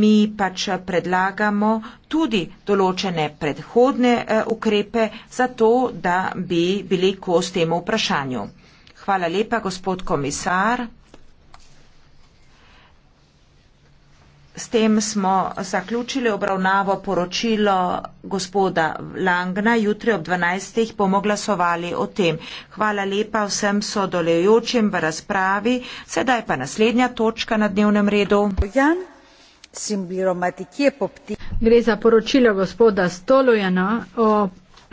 mi pač predlagamo tudi določene predhodne eh, ukrepe za to, da bi bili kos temu vprašanju. Hvala lepa, gospod komisar. S tem smo zaključili obravnavo poročilo gospoda Langna. Jutri ob 12. bomo glasovali o tem. Hvala lepa vsem sodelujočim v razpravi. Sedaj pa naslednja točka na dnevnem redu. Jan. Gre za poročilo gospoda Stolojena o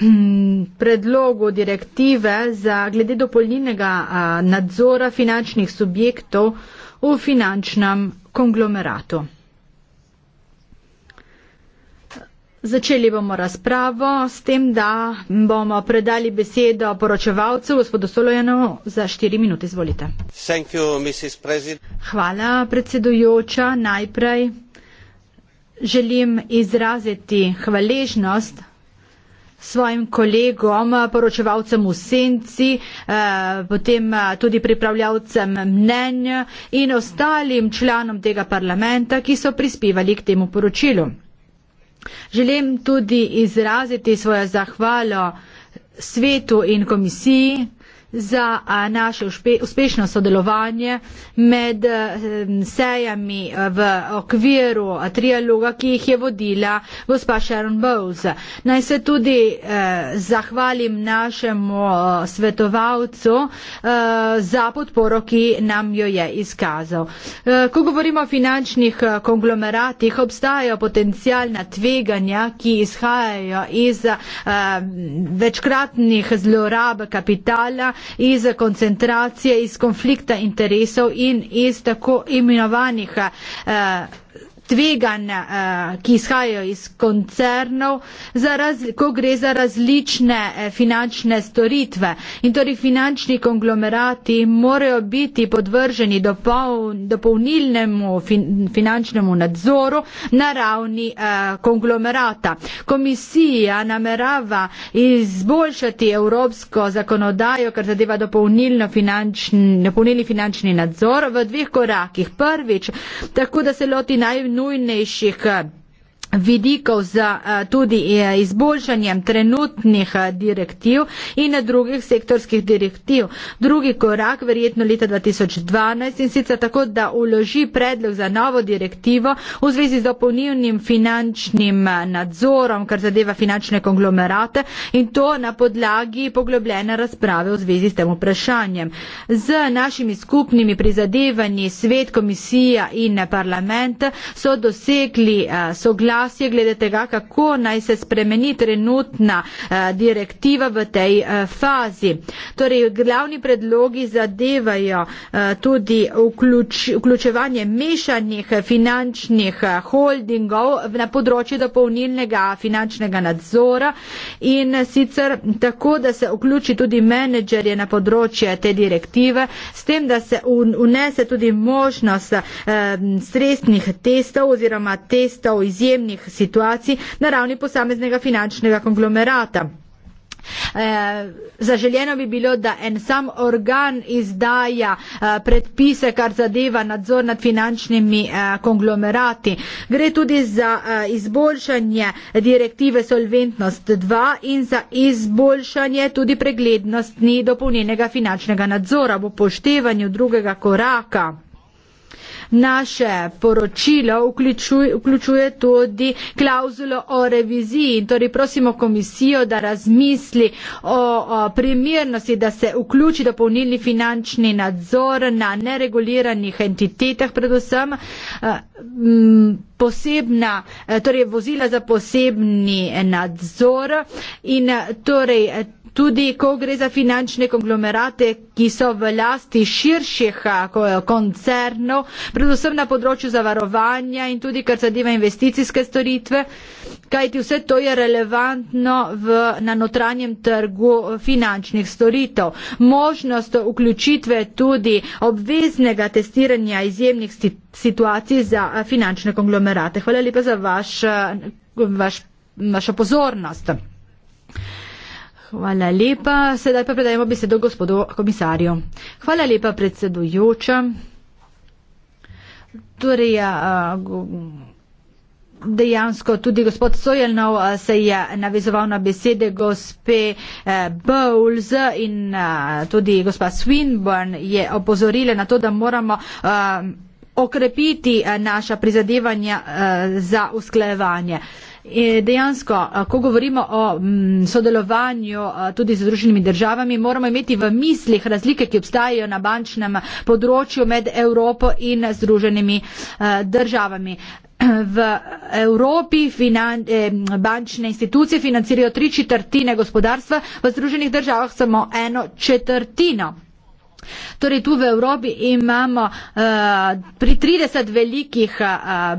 predlogu direktive za glede dopolnilnega nadzora finančnih subjektov v finančnem konglomeratu. Začeli bomo razpravo s tem, da bomo predali besedo poročevalcu gospodu Solojenu za štiri minute. Izvolite. Hvala, predsedujoča. Najprej želim izraziti hvaležnost svojim kolegom, poročevalcem v senci, eh, potem eh, tudi pripravljalcem mnenj in ostalim članom tega parlamenta, ki so prispevali k temu poročilu. Želim tudi izraziti svojo zahvalo svetu in komisiji, za naše uspešno sodelovanje med eh, sejami eh, v okviru eh, trialoga, ki jih je vodila gospa Sharon Bowles. Naj se tudi eh, zahvalim našemu svetovalcu eh, za podporo, ki nam jo je izkazal. Eh, ko govorimo o finančnih konglomeratih, obstajajo potencijalna tveganja, ki izhajajo iz eh, večkratnih zlorab kapitala, iz koncentracije, iz konflikta interesov in iz tako imenovanih eh, tveganj, eh, ki izhajajo iz koncernov, ko gre za različne eh, finančne storitve. In torej finančni konglomerati morajo biti podvrženi dopolnilnemu finančnemu nadzoru na ravni eh, konglomerata. Komisija namerava izboljšati evropsko zakonodajo, kar zadeva dopolnilno finančni, dopolnilni finančni nadzor v dveh korakih. Prvič, tako da se loti najnujnejših najnujnejših eh, vidikov za eh, tudi eh, izboljšanjem trenutnih eh, direktiv in drugih sektorskih direktiv. Drugi korak verjetno leta 2012 in sicer tako, da uloži predlog za novo direktivo v zvezi z dopolnilnim finančnim nadzorom, kar zadeva finančne konglomerate in to na podlagi poglobljene razprave v zvezi s tem vprašanjem. Z našimi skupnimi prizadevanji svet, komisija in parlament so dosegli soglasje soglasje glede tega, kako naj se spremeni trenutna eh, direktiva v tej eh, fazi. Torej, glavni predlogi zadevajo eh, tudi vključ, vključevanje mešanih finančnih holdingov na področju dopolnilnega finančnega nadzora in sicer tako, da se vključi tudi menedžerje na področje te direktive, s tem, da se unese tudi možnost stresnih testov oziroma testov izjemnih izjemnih situacij na ravni posameznega finančnega konglomerata. Eh, zaželjeno bi bilo, da en sam organ izdaja eh, predpise, kar zadeva nadzor nad finančnimi eh, konglomerati. Gre tudi za eh, izboljšanje direktive Solventnost 2 in za izboljšanje tudi preglednosti dopolnjenega finančnega nadzora v poštevanju drugega koraka. Naše poročilo vključuje, vključuje tudi klauzulo o reviziji in torej prosimo komisijo, da razmisli o, o primernosti, da se vključi dopolnilni finančni nadzor na nereguliranih entitetah predvsem. Uh, m, posebna, eh, torej vozila za posebni nadzor in eh, torej Tudi ko gre za finančne konglomerate, ki so v lasti širših koncernov, predvsem na področju zavarovanja in tudi kar zadeva investicijske storitve, kajti vse to je relevantno v, na notranjem trgu e, finančnih storitev. Možnost vključitve tudi obveznega testiranja izjemnih situacij za e, finančne konglomerate. Hvala lepa za vaš, e, vaš, vašo pozornost. Hvala lepa. Sedaj pa predajemo besedo gospodu komisarju. Hvala lepa, predsedujoča. Torej, ja, dejansko tudi gospod Sojelnov se je navezoval na besede gospe e, Bowles in tudi gospa Swinburne je opozorila na to, da moramo okrepiti naša prizadevanja za usklejevanje. E dejansko, ko govorimo o sodelovanju tudi z združenimi državami, moramo imeti v mislih razlike, ki obstajajo na bančnem področju med Evropo in združenimi državami. V Evropi finan, eh, bančne institucije financirajo tri četrtine gospodarstva, v Združenih državah samo eno četrtino. Torej, tu v Evropi imamo uh, pri 30 velikih uh,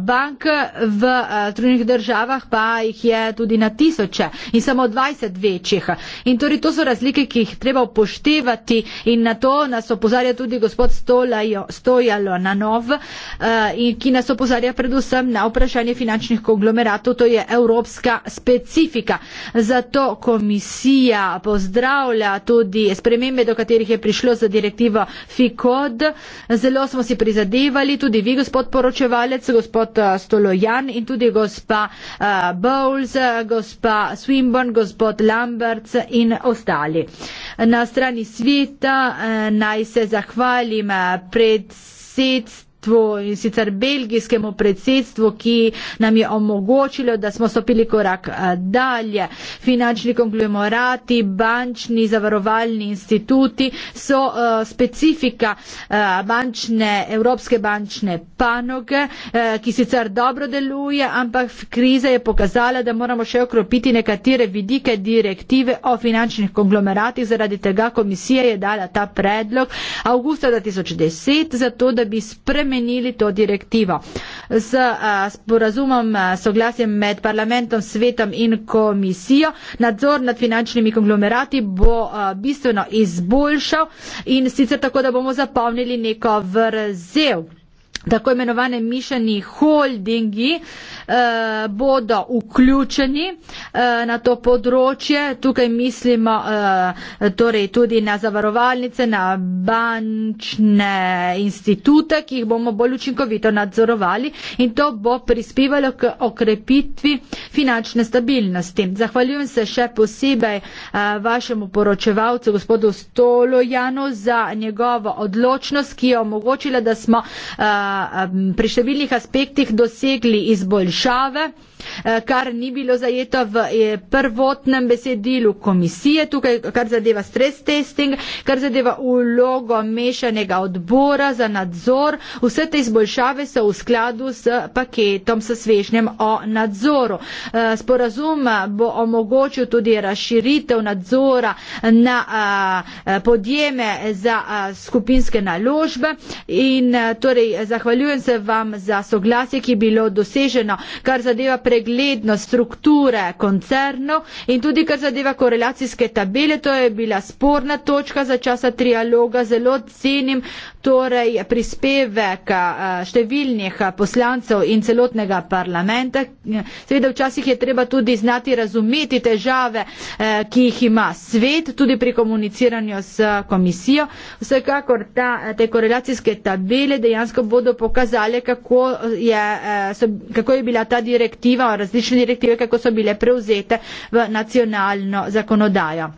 bank, v uh, eh, trudnih državah pa jih je tudi na tisoče in samo 20 večjih. In torej, to so razlike, ki jih treba upoštevati in na to nas opozarja tudi gospod Stolajo, Stojalo na nov, uh, ki nas opozarja predvsem na vprašanje finančnih konglomeratov, to je evropska specifika. Zato komisija pozdravlja tudi spremembe, do katerih je prišlo za direktorijo direktiva FICOD. Zelo smo si prizadevali, tudi vi, gospod poročevalec, gospod eh, Stolojan in tudi gospa eh, Bowles, gospa Swinburne, gospod Lambert in ostali. Na strani sveta eh, naj se zahvalim predsednikom predsedstvu in sicer belgijskemu predsedstvu, ki nam je omogočilo, da smo stopili korak dalje. Finančni konglomerati, bančni zavarovalni instituti so uh, specifika uh, bančne, evropske bančne panoge, uh, ki sicer dobro deluje, ampak kriza je pokazala, da moramo še okropiti nekatere vidike direktive o finančnih konglomeratih. Zaradi tega komisija je dala ta predlog avgusta 2010 za to, da bi spremenili spremenili to direktivo. S eh, sporazumom, eh, soglasjem med parlamentom, svetom in komisijo, nadzor nad finančnimi konglomerati bo eh, bistveno izboljšal in sicer tako, da bomo zapolnili neko vrzel tako imenovane mišljeni holdingi eh, bodo vključeni eh, na to področje. Tukaj mislimo eh, torej tudi na zavarovalnice, na bančne institute, ki jih bomo bolj učinkovito nadzorovali in to bo prispevalo k okrepitvi finančne stabilnosti. Zahvaljujem se še posebej eh, vašemu poročevalcu, gospodu Stolojanu, za njegovo odločnost, ki je omogočila, da smo eh, pri številnih aspektih dosegli izboljšave. Eh, kar ni bilo zajeto v eh, prvotnem besedilu komisije, tukaj kar zadeva stres testing, kar zadeva ulogo mešanega odbora za nadzor. Vse te izboljšave so v skladu s paketom, s svežnjem o nadzoru. Eh, sporazum bo omogočil tudi razširitev nadzora na podjeme za skupinske naložbe in torej zahvaljujem se vam za soglasje, ki je bilo doseženo, kar zadeva predstavljanje pregledno strukture koncernov in tudi kar zadeva korelacijske tabele, to je bila sporna točka za časa trialoga. Zelo cenim torej prispevek številnih poslancev in celotnega parlamenta. Seveda včasih je treba tudi znati razumeti težave, ki jih ima svet, tudi pri komuniciranju s komisijo. Vsekakor ta, te korelacijske tabele dejansko bodo pokazale, kako je, kako je bila ta direktiva vplivajo različne direktive, kako so bile preuzete v nacionalno zakonodajo.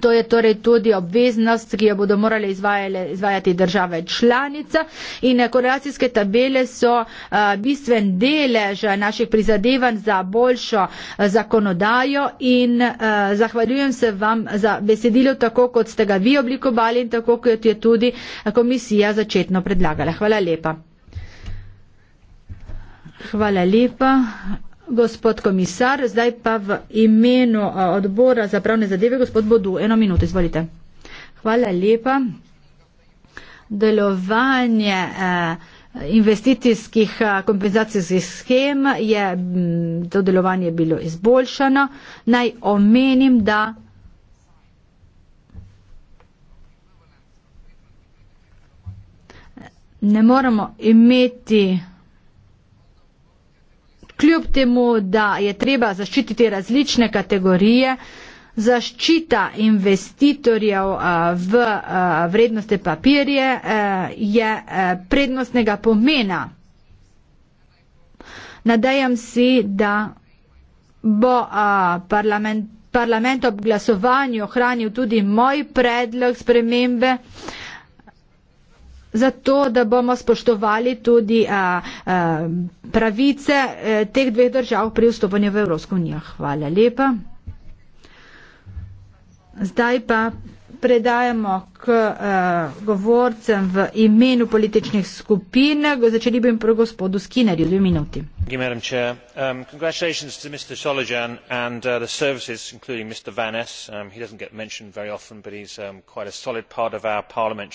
To je torej tudi obveznost, ki jo bodo morali izvajati države članice. In eh, korelacijske tabele so eh, bistven delež eh, naših prizadevanj za boljšo zakonodajo in zahvaljujem se vam za besedilo tako, kot ste ga vi oblikovali in tako, kot je tudi komisija začetno predlagala. Hvala lepa. Hvala lepa. Gospod komisar, zdaj pa v imenu eh, odbora za pravne zadeve, gospod Bodu, eno minuto, izvolite. Hvala lepa. Delovanje eh, investicijskih eh, kompenzacijskih schem je, mm, to delovanje je bilo izboljšano. Naj omenim, da. Ne moramo imeti kljub temu, da je treba zaščititi različne kategorije, zaščita investitorjev v vrednostne papirje je prednostnega pomena. Nadejam si, da bo parlament, parlament ob glasovanju ohranil tudi moj predlog spremembe zato da bomo spoštovali tudi a, a, pravice a, e, teh dveh držav pri vstopanju v Evropsko unijo. Hvala lepa. Zdaj pa predajamo k uh, govorcem v imenu političnih skupin. Začeli bi pri gospodu Skinnerju dve minuti. Um, and, uh, services, Ness, um, often, um,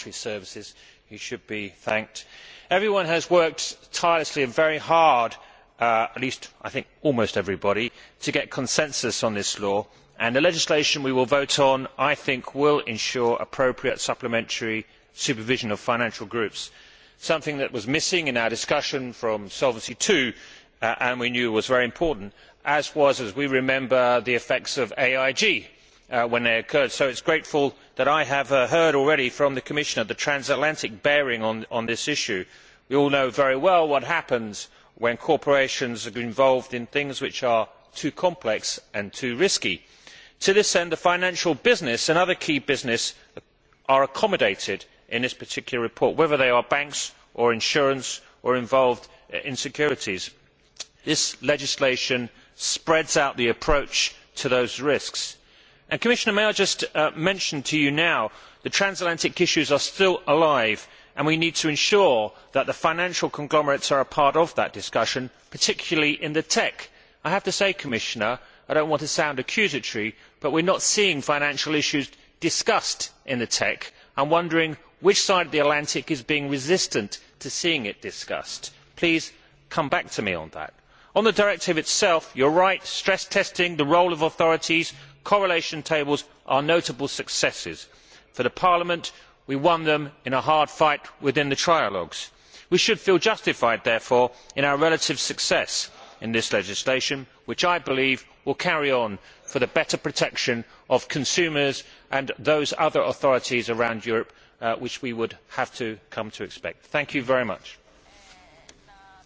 he should be thanked. everyone has worked tirelessly and very hard uh, at least i think almost everybody to get consensus on this law and the legislation we will vote on i think will ensure appropriate supplementary supervision of financial groups something that was missing in our discussion from solvency ii uh, and we knew was very important as was as we remember the effects of aig Uh, when they occurred so it is grateful that i have uh, heard already from the commissioner the transatlantic bearing on this issue. we all know very well what happens when corporations are involved in things which are too complex and too risky. to this end the financial business and other key businesses are accommodated in this particular report whether they are banks or insurance or involved uh, in securities. this legislation spreads out the approach to those risks commissioner may i just uh, mention to you now that the transatlantic issues are still alive and we need to ensure that the financial conglomerates are a part of that discussion particularly in the tech sector. i have to say commissioner i do not want to sound accusatory but we are not seeing financial issues discussed in the tech sector. i am wondering which side of the atlantic is being resistant to seeing it discussed. please come back to me on that on the directive itself you are right stress testing the role of authorities and correlation tables are notable successes. for parliament we won them in a hard fight within the trialogues. we should feel justified therefore in our relative success in this legislation which i believe will carry on for the better protection of consumers and those other authorities around europe uh, which we would have to come to expect. thank you very much.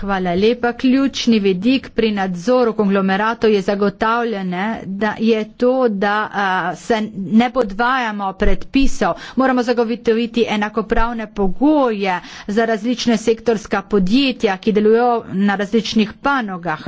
Hvala lepa. Ključni vidik pri nadzoru konglomeratov je zagotavljanje, da je to, da a, se ne podvajamo predpisov. Moramo zagotoviti enakopravne pogoje za različne sektorska podjetja, ki delujejo na različnih panogah.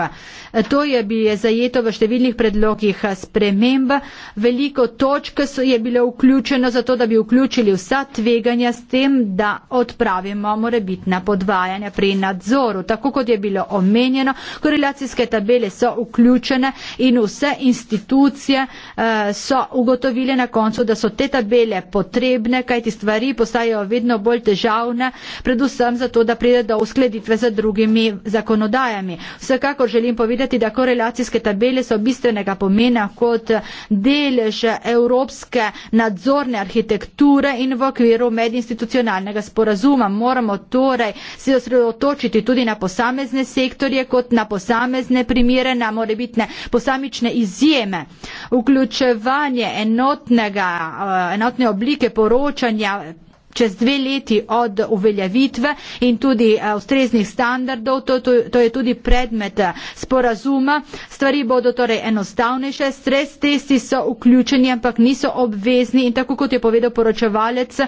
To je bilo zajeto v številnih predlogih sprememb. Veliko točk je bilo vključeno zato, da bi vključili vsa tveganja s tem, da odpravimo morebitna podvajanja pri nadzoru nadzoru. Tako kot je bilo omenjeno, korelacijske tabele so vključene in vse institucije eh, so ugotovile na koncu, da so te tabele potrebne, kajti stvari postajajo vedno bolj težavne, predvsem zato, da pride do uskladitve z drugimi zakonodajami. Vsekakor želim povedati, da korelacijske tabele so bistvenega pomena kot delež evropske nadzorne arhitekture in v okviru medinstitucionalnega sporazuma. Moramo torej se osredotočiti razložiti tudi na posamezne sektorje, kot na posamezne primere, na morebitne posamične izjeme. Vključevanje enotnega, eh, enotne oblike poročanja čez dve leti od uveljavitve in tudi eh, ustreznih standardov, to, to, to je tudi predmet eh, sporazuma. Stvari bodo torej enostavnejše, stres testi so vključeni, ampak niso obvezni in tako kot je povedal poročevalec,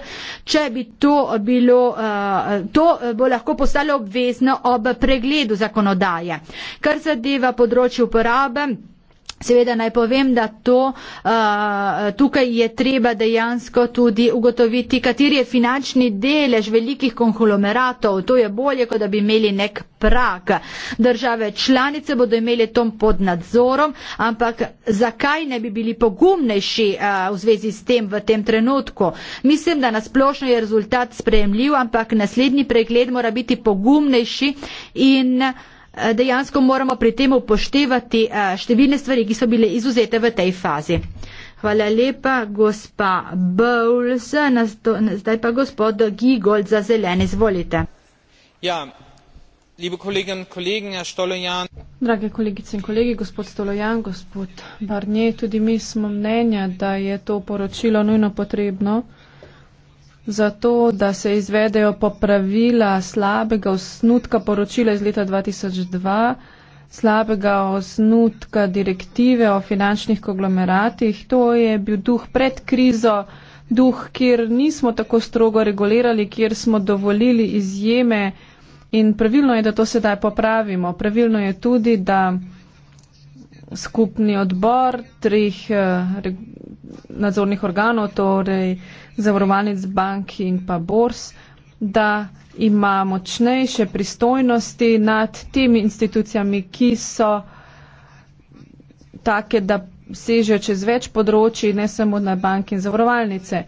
če bi to bilo, eh, to bo lahko postalo obvezno ob pregledu zakonodaje. Kar zadeva področje uporabe, Seveda naj povem, da to, uh, tukaj je treba dejansko tudi ugotoviti, kateri je finančni delež velikih konglomeratov. To je bolje, kot da bi imeli nek prak. Države članice bodo imeli tom pod nadzorom, ampak zakaj ne bi bili pogumnejši uh, v zvezi s tem v tem trenutku? Mislim, da nasplošno je rezultat sprejemljiv, ampak naslednji pregled mora biti pogumnejši in. Uh, Eh, dejansko moramo pri tem upoštevati eh, številne stvari, ki so bile izuzete v tej fazi. Hvala lepa, gospa Bowles. Zdaj pa gospod Gigold za zelen. Izvolite. Ja. Drage kolegice in kolegi, gospod Stolojan, gospod Barnje, tudi mi smo mnenja, da je to poročilo nujno potrebno zato, da se izvedejo popravila slabega osnutka poročila iz leta 2002, slabega osnutka direktive o finančnih konglomeratih. To je bil duh pred krizo, duh, kjer nismo tako strogo regulirali, kjer smo dovolili izjeme in pravilno je, da to sedaj popravimo. Pravilno je tudi, da skupni odbor treh eh, nadzornih organov, torej zavarovalnic bank in pa bors, da ima močnejše pristojnosti nad temi institucijami, ki so take, da sežejo čez več področji, ne samo na bank in zavarovalnice.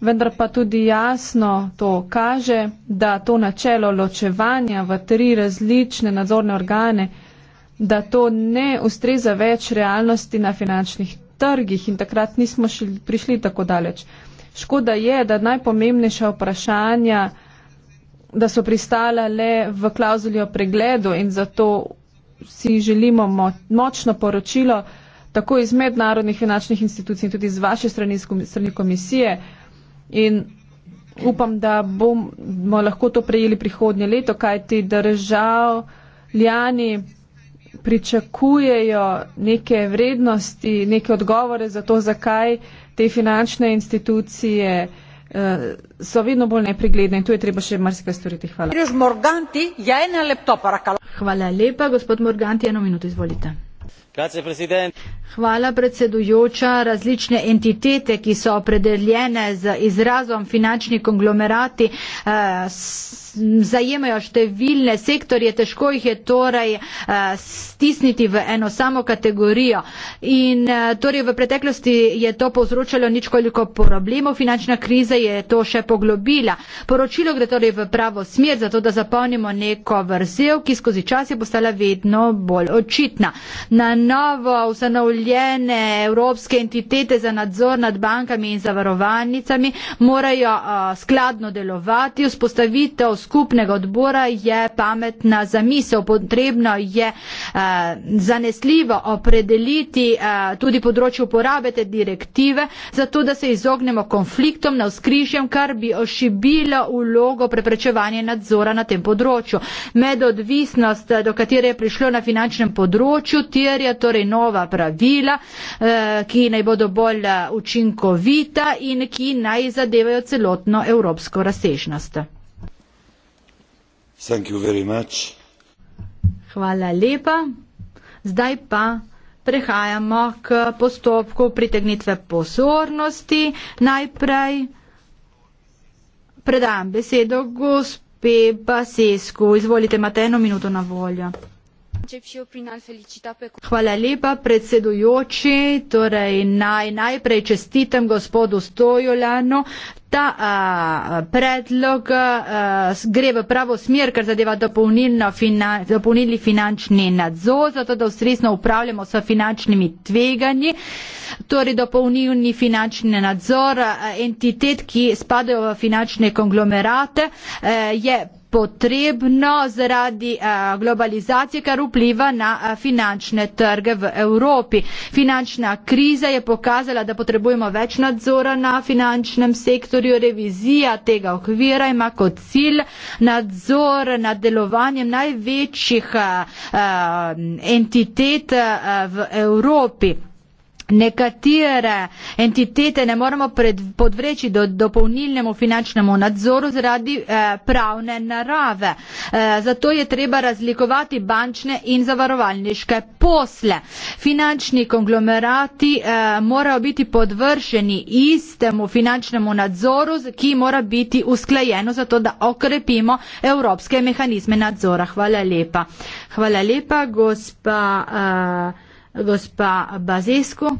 Vendar pa tudi jasno to kaže, da to načelo ločevanja v tri različne nadzorne organe, da to ne ustreza več realnosti na finančnih trgih in takrat nismo šli, prišli tako daleč. Škoda je, da najpomembnejša vprašanja, da so pristala le v klauzuli o pregledu in zato si želimo močno poročilo tako iz mednarodnih finančnih institucij in tudi iz vaše strani, strani komisije. In upam, da bomo lahko to prejeli prihodnje leto, kajti držav Ljani pričakujejo neke vrednosti, neke odgovore za to, zakaj te finančne institucije uh, so vedno bolj nepregledne in tu je treba še marsikaj storiti. Hvala. Ja, Hvala lepa, gospod Morganti, eno minuto izvolite. Hvala predsedujoča. Različne entitete, ki so opredeljene z izrazom finančni konglomerati, uh, zajemajo številne sektorje, težko jih je torej eh, stisniti v eno samo kategorijo. In eh, torej v preteklosti je to povzročalo ničkoliko problemov, finančna kriza je to še poglobila. Poročilo gre torej v pravo smer, zato da zapolnimo neko vrzel, ki skozi čas je postala vedno bolj očitna. Na novo ustanovljene evropske entitete za nadzor nad bankami in zavarovalnicami morajo eh, skladno delovati, vzpostavitev skupnega odbora je pametna zamisel. Potrebno je eh, zanesljivo opredeliti eh, tudi področje uporabe te direktive, zato da se izognemo konfliktom na vzkrižjem, kar bi ošibilo ulogo preprečevanja nadzora na tem področju. Medodvisnost, do katere je prišlo na finančnem področju, terja torej nova pravila, eh, ki naj bodo bolj eh, učinkovita in ki naj zadevajo celotno evropsko razsežnost. Hvala lepa. Zdaj pa prehajamo k postopku pritegnitve pozornosti. Najprej predam besedo gospe Basesku. Izvolite, imate eno minuto na voljo. Hvala lepa, predsedujoči. Torej naj najprej čestitam gospodu Stojolanu. Ta a, predlog a, gre v pravo smer, kar zadeva fina, dopolnili finančni nadzor, zato da ustrezno upravljamo s finančnimi tveganji. Torej dopolnilni finančni nadzor a, entitet, ki spadajo v finančne konglomerate, a, je potrebno zaradi eh, globalizacije, kar vpliva na eh, finančne trge v Evropi. Finančna kriza je pokazala, da potrebujemo več nadzora na finančnem sektorju. Revizija tega okvira ima kot cilj nadzor nad delovanjem največjih eh, entitet v Evropi nekatere entitete ne moremo pred, podvreči do dopolnilnemu finančnemu nadzoru zaradi eh, pravne narave. Eh, zato je treba razlikovati bančne in zavarovalniške posle. Finančni konglomerati eh, morajo biti podvršeni istemu finančnemu nadzoru, ki mora biti usklajeno zato, da okrepimo evropske mehanizme nadzora. Hvala lepa. Hvala lepa, gospa. Eh, gospa Bazesko.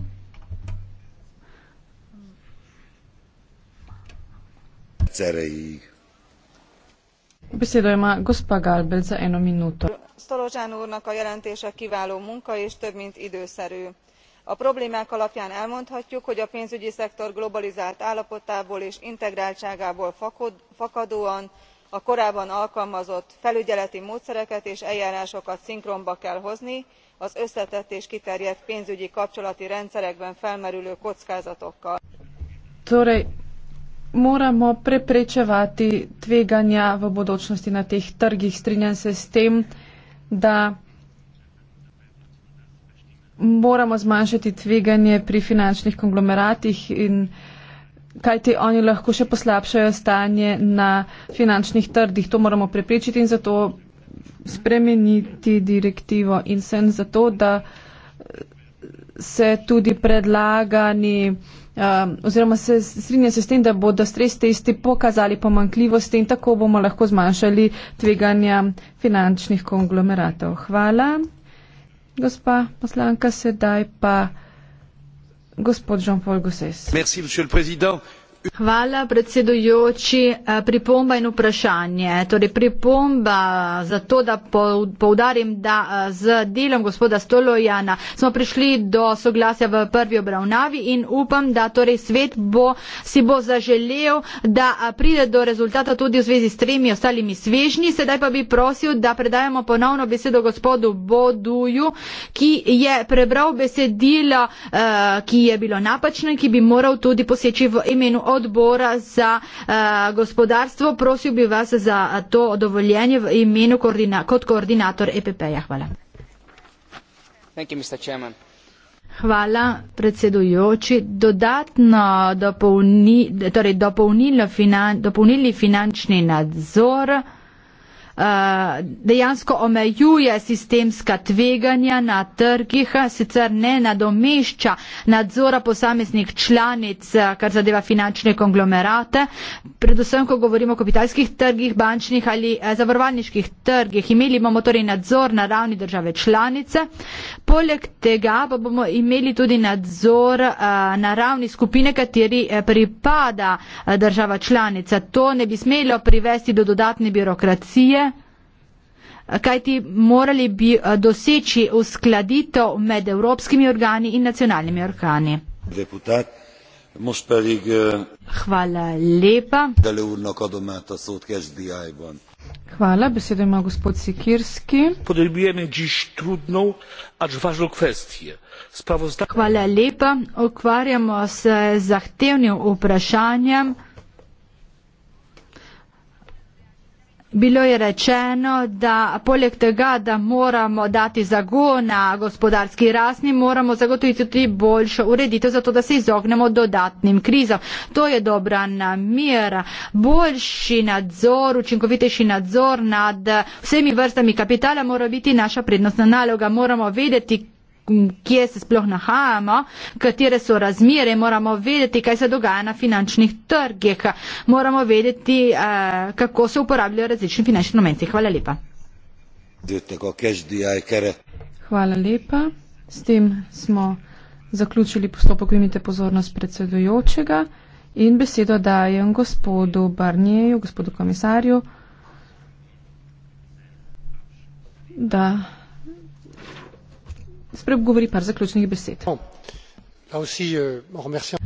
Besedo ima gospa Galbel za eno minuto. Stolozsán úrnak a jelentése kiváló munka és több mint időszerű. A problémák alapján elmondhatjuk, hogy a pénzügyi szektor globalizált állapotából és integráltságából fakadóan a korábban alkalmazott felügyeleti módszereket és eljárásokat szinkronba kell hozni, az összetett és kiterjedt pénzügyi kapcsolati rendszerekben felmerülő kockázatokkal. Torej, moramo preprečevati tveganja v bodočnosti na teh trgih. Strinjam se s tem, da moramo zmanjšati tveganje pri finančnih konglomeratih in kaj te oni lahko še poslabšajo stanje na finančnih trdih. To moramo preprečiti in zato spremeniti direktivo in sem za to, da se tudi predlagani um, oziroma se strinja se s tem, da bodo stres testi pokazali pomankljivosti in tako bomo lahko zmanjšali tveganja finančnih konglomeratov. Hvala, gospa poslanka, sedaj pa gospod Jean-Paul Gosses. Merci, Hvala, predsedujoči. Eh, pripomba in vprašanje. Torej, pripomba za to, da poudarim, da eh, z delom gospoda Stolojana smo prišli do soglasja v prvi obravnavi in upam, da torej svet bo, si bo zaželel, da eh, pride do rezultata tudi v zvezi s tremi ostalimi svežnji. Sedaj pa bi prosil, da predajamo ponovno besedo gospodu Boduju, ki je prebral besedilo, ki je bilo napačno in ki bi moral tudi poseči v imenu odbora za eh, gospodarstvo. Prosil bi vas za to odovoljenje v imenu koordina kot koordinator EPP-ja. Hvala. Thank you, Mr. Hvala predsedujoči. Dodatno dopolni, torej dopolnilni finan, finančni nadzor. Eh, dejansko omejuje sistemska tveganja na trgih, sicer ne nadomešča nadzora posameznih članic, eh, kar zadeva finančne konglomerate, predvsem, ko govorimo o kapitalskih trgih, bančnih ali eh, zavarovalniških trgih. Imeli bomo torej nadzor na ravni države članice, poleg tega pa bomo imeli tudi nadzor na ravni skupine, kateri pripada država članica. To ne bi smelo privesti do dodatne birokracije, kajti morali bi eh, doseči uskladitev med evropskimi organi in nacionalnimi organi. Deputat. Eh, Hvala lepa. Hvala, besedo ima gospod Sikirski. Hvala lepa, ukvarjamo se z zahtevnim vprašanjem. Bilo je rečeno, da poleg tega, da moramo dati zagon na gospodarski rasti, moramo zagotoviti tudi boljšo ureditev, zato da se izognemo dodatnim krizam. To je dobra namera. Boljši nadzor, učinkovitejši nadzor nad vsemi vrstami kapitala mora biti naša prednostna naloga. Moramo vedeti, kje se sploh nahajamo, katere so razmere, moramo vedeti, kaj se dogaja na finančnih trgih, moramo vedeti, eh, kako se uporabljajo različni finančni momenti. Hvala lepa. Hvala lepa. S tem smo zaključili postopek, imite pozornost predsedujočega in besedo dajem gospodu Barnjeju, gospodu komisarju. Da spregovori par zaključnih besed. Euh,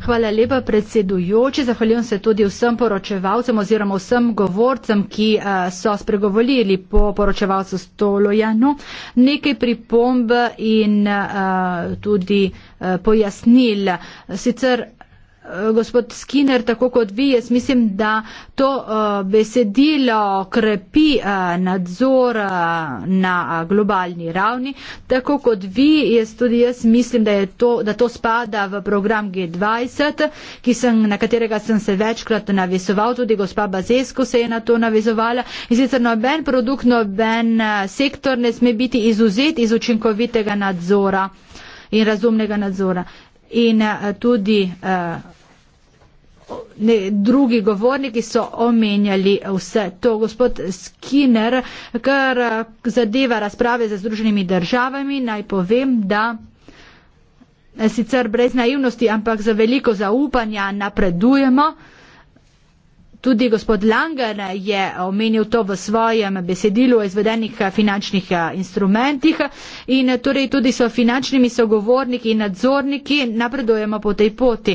Hvala lepa predsedujoči, zahvaljujem se tudi vsem poročevalcem oziroma vsem govorcem, ki eh, so spregovorili po poročevalcu Stolojanu. Nekaj pripomb in eh, tudi eh, pojasnil. Sicer Eh, gospod Skinner, tako kot vi, jaz mislim, da to eh, besedilo krepi eh, nadzor na globalni ravni. Tako kot vi, jaz tudi jaz mislim, da, to, da to spada v program G20, sem, na katerega sem se večkrat navisoval, tudi gospa Bazesko se je na to navizovala. In sicer noben produkt, noben sektor ne sme biti izuzet iz učinkovitega nadzora in razumnega nadzora in eh, tudi eh, ne, drugi govorniki so omenjali vse to. Gospod Skinner, kar eh, zadeva razprave za združenimi državami, naj povem, da sicer brez naivnosti, ampak za veliko zaupanja napredujemo. Tudi gospod Langer je omenil to v svojem besedilu o izvedenih eh, finančnih eh, instrumentih in eh, torej tudi so finančnimi sogovorniki in nadzorniki napredujemo po tej poti.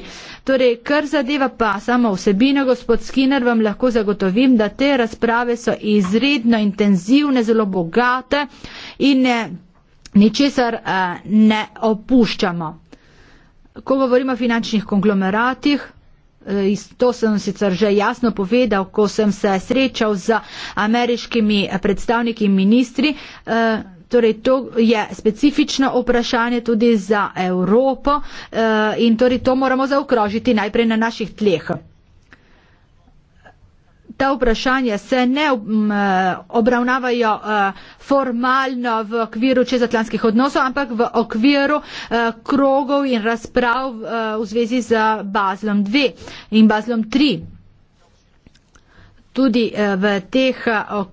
Torej, kar zadeva pa samo vsebino, gospod Skinner, vam lahko zagotovim, da te razprave so izredno intenzivne, zelo bogate in ničesar ne opuščamo. Ko govorimo o finančnih konglomeratih, Eh, to sem sicer že jasno povedal, ko sem se srečal z ameriškimi predstavniki in ministri. Eh, torej, to je specifično vprašanje tudi za Evropo eh, in torej to moramo zaokrožiti najprej na naših tleh ta vprašanja se ne obravnavajo eh, formalno v okviru čezatlantskih odnosov, ampak v okviru eh, krogov in razprav eh, v zvezi z Bazlom 2 in Bazlom 3. Tudi v teh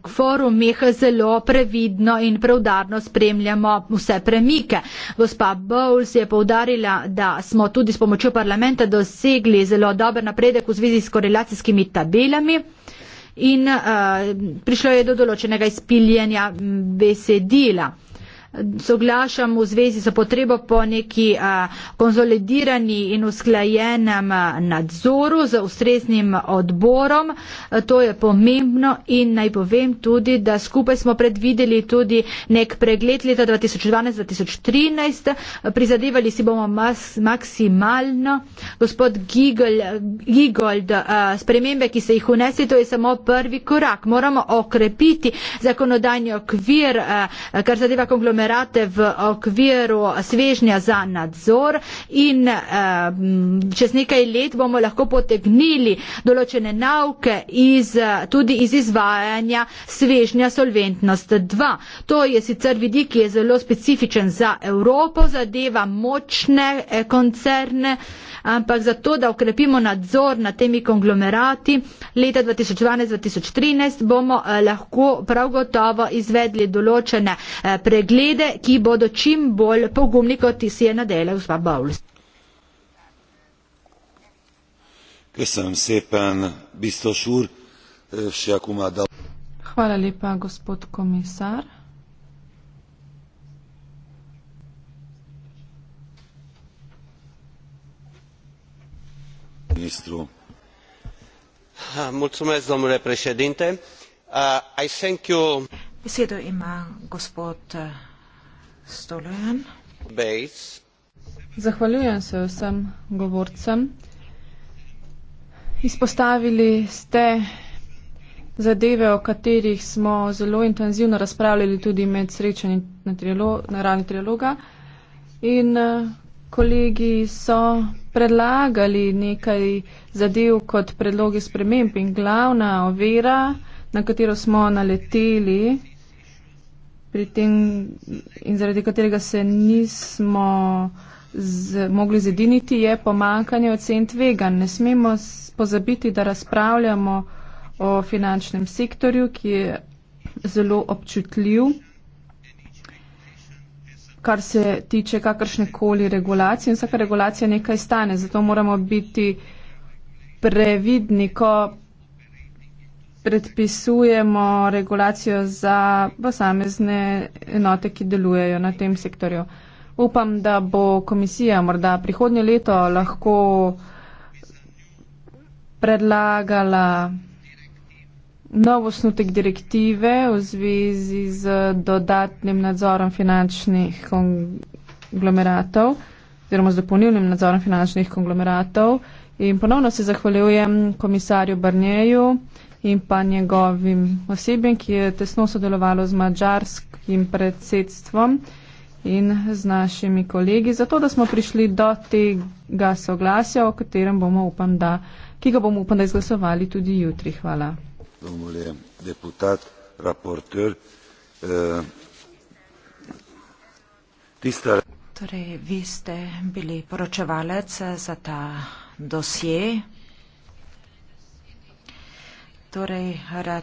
forumih zelo previdno in pravdarno spremljamo vse premike. Gospa Bowles je povdarila, da smo tudi s pomočjo parlamenta dosegli zelo dober napredek v zvezi s korelacijskimi tabelami in uh, prišlo je do določenega izpiljenja mm, besedila soglašam v zvezi z potrebo po neki a, konzolidirani in usklajenem nadzoru z ustreznim odborom. A, to je pomembno in naj povem tudi, da skupaj smo predvideli tudi nek pregled leta 2012-2013. Prizadevali si bomo mas, maksimalno. Gospod Gigl, Gigold, a, spremembe, ki se jih unesi, to je samo prvi korak. Moramo okrepiti zakonodajni okvir, a, kar zadeva konglomeracijo rate v okviru svežnja za nadzor in eh, čez nekaj let bomo lahko potegnili določene nauke iz, tudi iz izvajanja svežnja solventnost 2. To je sicer vidik, ki je zelo specifičen za Evropo, zadeva močne eh, koncerne, ampak zato, da okrepimo nadzor nad temi konglomerati, leta 2012-2013 bomo eh, lahko prav gotovo izvedli določene eh, preglede, besede, ki bodo čim bolj pogumni, kot ti si je nadela gospa Bowles. Köszönöm szépen, biztos úr, Siakumáda. Eh, Hvala lepa, gospod komisár. Ministru. Ah, mulțumesc, domnule președinte. Uh, I thank you. Besedo ima gospod uh, Stolojan. Zahvaljujem se vsem govorcem. Izpostavili ste zadeve, o katerih smo zelo intenzivno razpravljali tudi med srečanjem na, na ravni triloga. In kolegi so predlagali nekaj zadev kot predloge sprememb in glavna ovira, na katero smo naleteli pri tem in zaradi katerega se nismo z, mogli zediniti, je pomankanje ocen tvega. Ne smemo pozabiti, da razpravljamo o finančnem sektorju, ki je zelo občutljiv, kar se tiče kakršnekoli regulacije in vsaka regulacija nekaj stane. Zato moramo biti previdni, ko predpisujemo regulacijo za posamezne enote, ki delujejo na tem sektorju. Upam, da bo komisija morda prihodnje leto lahko predlagala nov osnutek direktive v zvezi z dodatnim nadzorom finančnih konglomeratov oziroma z dopolnilnim nadzorom finančnih konglomeratov. In ponovno se zahvaljujem komisarju Barnjeju in pa njegovim osebjem, ki je tesno sodelovalo z mačarskim predsedstvom in z našimi kolegi, zato da smo prišli do tega soglasja, o katerem bomo upam, da, ki ga bomo upam, da izglasovali tudi jutri. Hvala. Deputat, raporteur, eh, torej, vi ste bili poročevalec za ta dosje torej rad